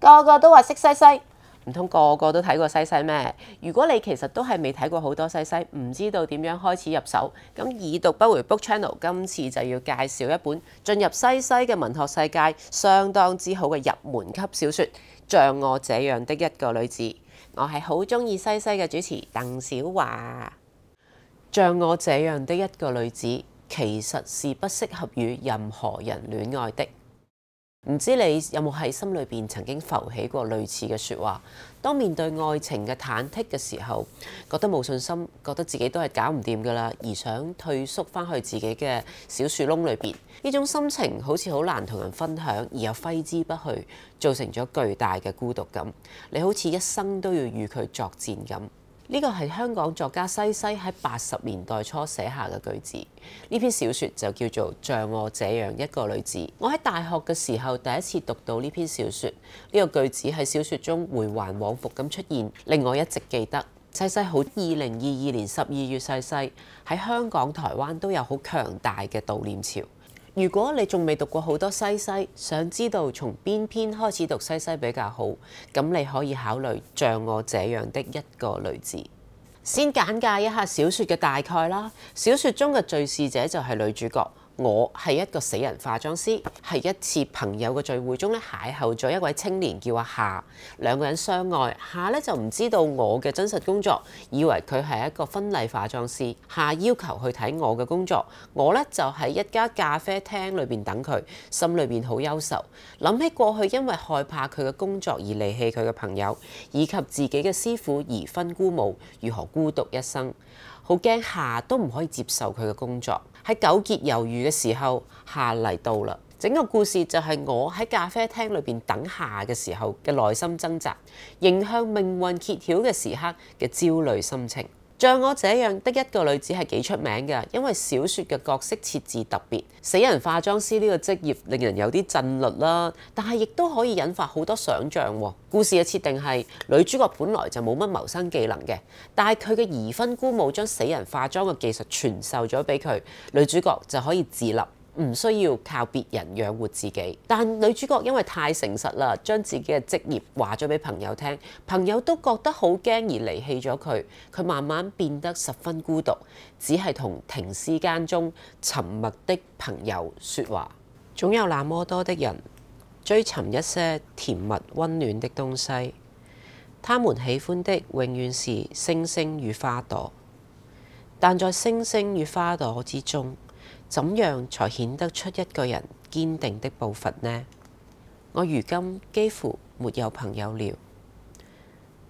個個都話識西西，唔通個個都睇過西西咩？如果你其實都係未睇過好多西西，唔知道點樣開始入手，咁已讀不回 Book Channel 今次就要介紹一本進入西西嘅文學世界相當之好嘅入門級小說《像我這樣的一個女子》。我係好鍾意西西嘅主持鄧小樺。像我這樣的一個女子，其實是不適宜與任何人戀愛的。唔知你有冇喺心裏邊曾經浮起過類似嘅說話？當面對愛情嘅忐忑嘅時候，覺得冇信心，覺得自己都係搞唔掂噶啦而想退縮翻去自己嘅小樹窿裏邊。呢種心情好似好難同人分享，而又揮之不去，造成咗巨大嘅孤獨感。你好似一生都要與佢作戰咁。呢個係香港作家西西喺八十年代初寫下嘅句子。呢篇小説就叫做《像我這樣一個女子》。我喺大學嘅時候第一次讀到呢篇小説，呢個句子喺小説中回環往復咁出現，令我一直記得。西西好。二零二二年十二月，西西喺香港、台灣都有好強大嘅悼念潮。如果你仲未讀過好多西西，想知道從邊篇開始讀西西比較好，咁你可以考慮像我這樣的一個女子。先簡介一下小説嘅大概啦。小説中嘅敍事者就係女主角。我係一個死人化妝師，喺一次朋友嘅聚會中咧，邂逅咗一位青年叫阿、啊、夏，兩個人相愛。夏咧就唔知道我嘅真實工作，以為佢係一個婚禮化妝師。夏要求去睇我嘅工作，我咧就喺一家咖啡廳裏邊等佢，心裏邊好憂愁。諗起過去因為害怕佢嘅工作而離棄佢嘅朋友，以及自己嘅師傅怡芬姑母，如何孤獨一生，好驚夏都唔可以接受佢嘅工作。喺糾結猶豫嘅時候，夏嚟到啦。整個故事就係我喺咖啡廳裏邊等夏嘅時候嘅內心掙扎，迎向命運揭曉嘅時刻嘅焦慮心情。像我這樣的一個女子係幾出名嘅，因為小說嘅角色設置特別。死人化妝師呢個職業令人有啲震慄啦，但係亦都可以引發好多想像。故事嘅設定係女主角本來就冇乜謀生技能嘅，但係佢嘅怡芬姑母將死人化妝嘅技術傳授咗俾佢，女主角就可以自立。唔需要靠別人養活自己，但女主角因為太誠實啦，將自己嘅職業話咗俾朋友聽，朋友都覺得好驚而離棄咗佢。佢慢慢變得十分孤獨，只係同停屍間中沉默的朋友說話。總有那麼多的人追尋一些甜蜜温暖的東西，他們喜歡的永遠是星星與花朵，但在星星與花朵之中，怎樣才顯得出一個人堅定的步伐呢？我如今幾乎沒有朋友了。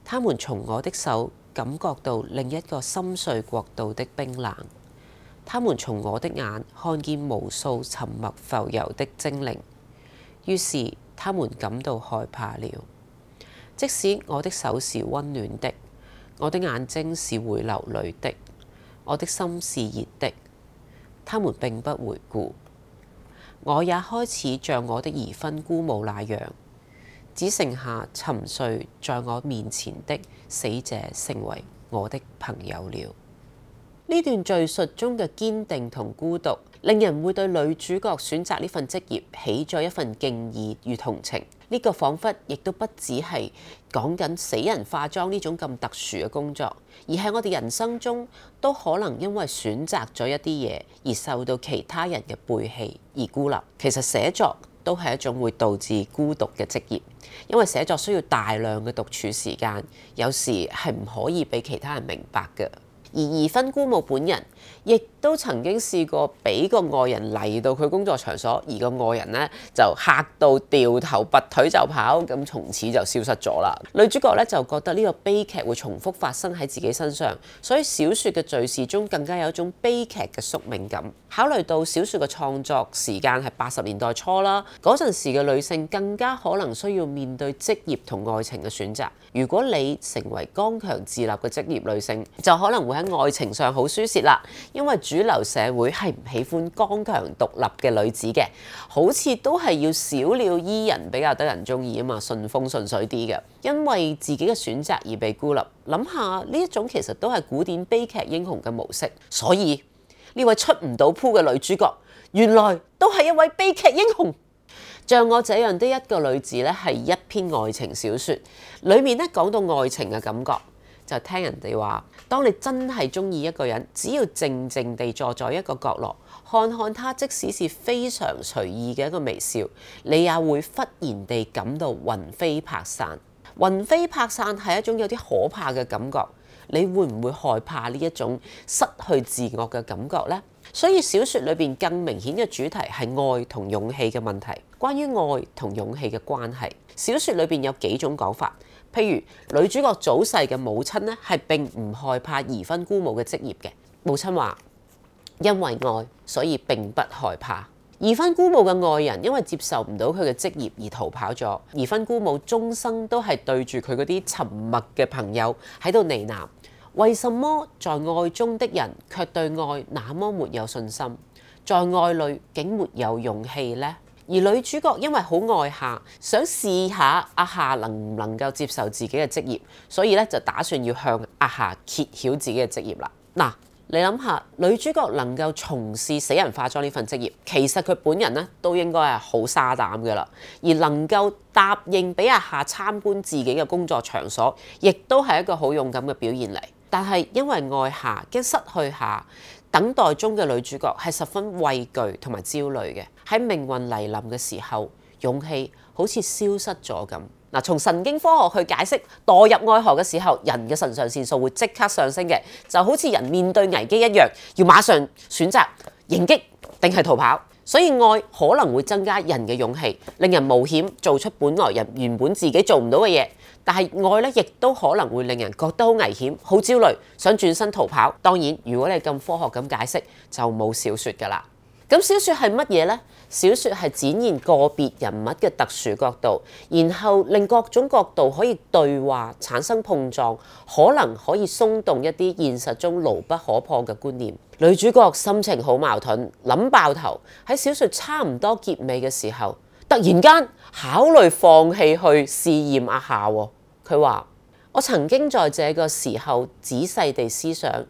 他們從我的手感覺到另一個深邃國度的冰冷。他們從我的眼看見無數沉默浮遊的精靈。於是他們感到害怕了。即使我的手是温暖的，我的眼睛是會流淚的，我的心是熱的。他們並不回顧，我也開始像我的怡芬姑母那樣，只剩下沉睡在我面前的死者成為我的朋友了。呢段敘述中嘅堅定同孤獨，令人會對女主角選擇呢份職業起咗一份敬意與同情。呢個彷彿亦都不止係講緊死人化妝呢種咁特殊嘅工作，而係我哋人生中都可能因為選擇咗一啲嘢而受到其他人嘅背棄而孤立。其實寫作都係一種會導致孤獨嘅職業，因為寫作需要大量嘅獨處時間，有時係唔可以俾其他人明白嘅。而怡芬姑母本人亦，都曾經試過俾個愛人嚟到佢工作場所，而個愛人呢就嚇到掉頭拔腿就跑，咁從此就消失咗啦。女主角咧就覺得呢個悲劇會重複發生喺自己身上，所以小説嘅敘事中更加有一種悲劇嘅宿命感。考慮到小説嘅創作時間係八十年代初啦，嗰陣時嘅女性更加可能需要面對職業同愛情嘅選擇。如果你成為剛強自立嘅職業女性，就可能會喺愛情上好輸蝕啦，因為。主流社會係唔喜歡剛強獨立嘅女子嘅，好似都係要小鳥依人比較得人中意啊嘛，順風順水啲嘅，因為自己嘅選擇而被孤立。諗下呢一種其實都係古典悲劇英雄嘅模式，所以呢位出唔到鋪嘅女主角，原來都係一位悲劇英雄。像我這樣的一個女子咧，係一篇愛情小說，裡面咧講到愛情嘅感覺。就聽人哋話，當你真係中意一個人，只要靜靜地坐在一個角落，看看他，即使是非常隨意嘅一個微笑，你也會忽然地感到魂飛魄散。魂飛魄散係一種有啲可怕嘅感覺。你會唔會害怕呢一種失去自我嘅感覺呢？所以小説裏邊更明顯嘅主題係愛同勇氣嘅問題。關於愛同勇氣嘅關係，小説裏邊有幾種講法。譬如女主角早逝嘅母親呢，係並唔害怕怡芬姑母嘅職業嘅。母親話：因為愛，所以並不害怕。怡芬姑母嘅愛人因為接受唔到佢嘅職業而逃跑咗。怡芬姑母終生都係對住佢嗰啲沉默嘅朋友喺度呢喃：為什麼在愛中的人卻對愛那麼沒有信心？在愛裏竟沒有勇氣呢？而女主角因為好愛夏，想試下阿夏能唔能夠接受自己嘅職業，所以咧就打算要向阿夏揭曉自己嘅職業啦。嗱，你諗下，女主角能夠從事死人化妝呢份職業，其實佢本人咧都應該係好沙膽㗎啦。而能夠答應俾阿夏參觀自己嘅工作場所，亦都係一個好勇敢嘅表現嚟。但係因為愛夏，驚失去夏。等待中嘅女主角係十分畏懼同埋焦慮嘅。喺命運嚟臨嘅時候，勇氣好似消失咗咁嗱。從神經科學去解釋，墮入愛河嘅時候，人嘅腎上腺素會即刻上升嘅，就好似人面對危機一樣，要馬上選擇迎擊定係逃跑。所以愛可能會增加人嘅勇氣，令人冒險做出本來人原本自己做唔到嘅嘢。但係愛咧，亦都可能會令人覺得好危險、好焦慮，想轉身逃跑。當然，如果你咁科學咁解釋，就冇小說噶啦。咁小說係乜嘢呢？小說係展現個別人物嘅特殊角度，然後令各種角度可以對話、產生碰撞，可能可以鬆動一啲現實中牢不可破嘅觀念。女主角心情好矛盾，諗爆頭。喺小說差唔多結尾嘅時候，突然間考慮放棄去試驗一下。佢話：我曾經在這個時候仔細地思想，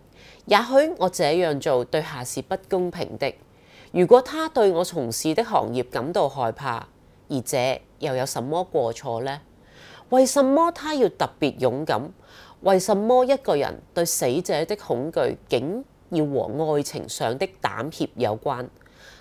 也許我這樣做對下是不公平的。如果他對我從事的行業感到害怕，而這又有什麼過錯呢？為什麼他要特別勇敢？為什麼一個人對死者的恐懼竟要和愛情上的膽怯有關？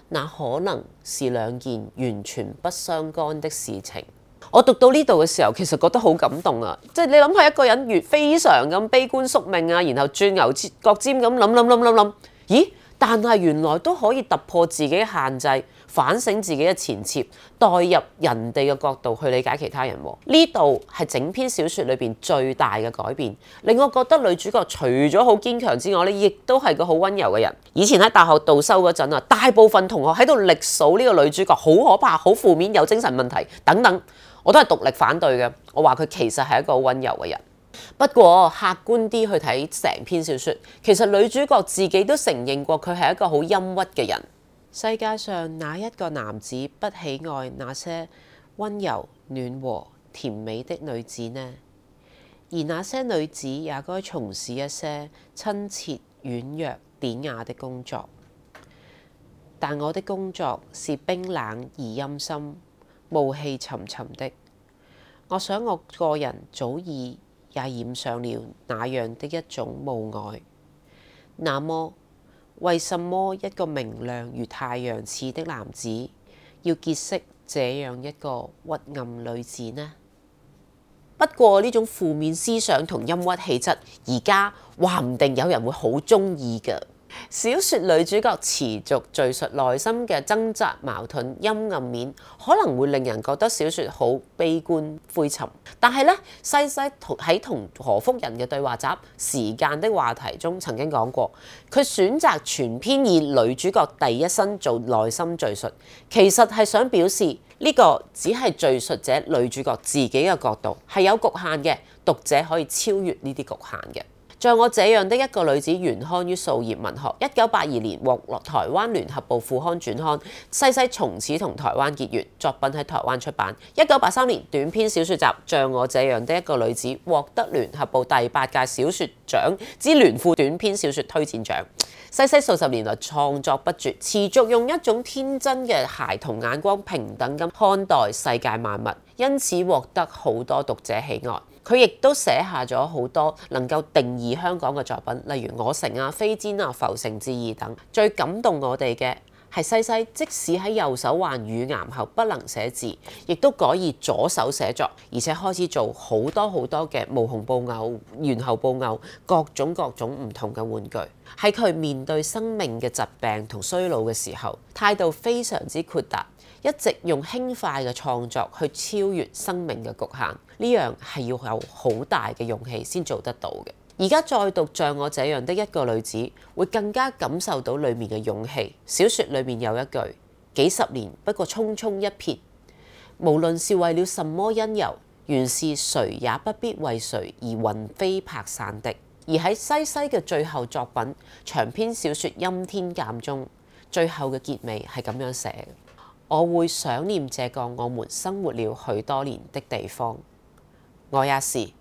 那可能是兩件完全不相干的事情。我讀到呢度嘅時候，其實覺得好感動啊！即係你諗下，一個人越非常咁悲觀宿命啊，然後轉牛角尖咁諗諗諗諗諗，咦？但係原來都可以突破自己嘅限制，反省自己嘅前設，代入人哋嘅角度去理解其他人啊。呢度係整篇小説裏邊最大嘅改變，令我覺得女主角除咗好堅強之外呢，亦都係個好溫柔嘅人。以前喺大學導修嗰陣啊，大部分同學喺度力數呢個女主角好可怕、好負面、有精神問題等等。我都係獨立反對嘅。我話佢其實係一個好溫柔嘅人。不過客觀啲去睇成篇小說，其實女主角自己都承認過佢係一個好陰鬱嘅人。世界上哪一個男子不喜愛那些溫柔、暖和、甜美的女子呢？而那些女子也該從事一些親切、軟弱、典雅的工作。但我的工作是冰冷而陰森、霧氣沉沉的。我想我個人早已也染上了那樣的一種霧靄。那麼，為什麼一個明亮如太陽似的男子要結識這樣一個鬱暗女子呢？不過呢種負面思想同陰鬱氣質，而家話唔定有人會好鍾意㗎。小說女主角持續敘述內心嘅掙扎、矛盾、陰暗面，可能會令人覺得小說好悲觀、灰沉。但係咧，西西喺同何福仁嘅對話集《時間的話題》中曾經講過，佢選擇全篇以女主角第一身做內心敘述，其實係想表示呢個只係敘述者女主角自己嘅角度，係有局限嘅。讀者可以超越呢啲局限嘅。像我這樣的一個女子，原刊於素葉文學。一九八二年獲落台灣聯合報副刊轉刊，西西從此同台灣結緣，作品喺台灣出版。一九八三年短篇小說集《像我這樣的一個女子》獲得聯合報第八屆小說獎之聯副短篇小說推薦獎。西西數十年來創作不絕，持續用一種天真嘅孩童眼光平等咁看待世界萬物，因此獲得好多讀者喜愛。佢亦都寫下咗好多能夠定義香港嘅作品，例如我城《我城》啊、《飛氈》、啊、《浮城誌異》等。最感動我哋嘅係西西，西西即使喺右手患乳癌後不能寫字，亦都改以左手寫作，而且開始做好多好多嘅毛熊布偶、猿猴布偶各種各種唔同嘅玩具。喺佢面對生命嘅疾病同衰老嘅時候，態度非常之豁達。一直用輕快嘅創作去超越生命嘅局限，呢樣係要有好大嘅勇氣先做得到嘅。而家再讀像我這樣的一個女子，會更加感受到裡面嘅勇氣。小説裡面有一句：幾十年不過匆匆一瞥，無論是為了什麼因由，原是誰也不必為誰而魂飛魄散的。而喺西西嘅最後作品長篇小説《欽天監》中，最後嘅結尾係咁樣寫。我會想念這個我們生活了許多年的地方，我也是。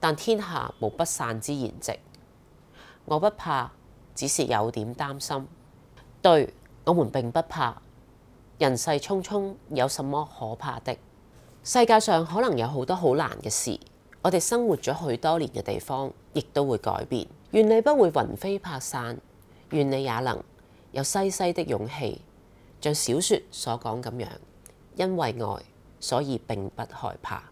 但天下無不散之筵席，我不怕，只是有點擔心。對，我們並不怕。人世匆匆，有什麼可怕的？世界上可能有好多好難嘅事，我哋生活咗許多年嘅地方，亦都會改變。願你不會魂飛魄散，願你也能有西西的勇氣。像小說所講咁樣，因為愛，所以並不害怕。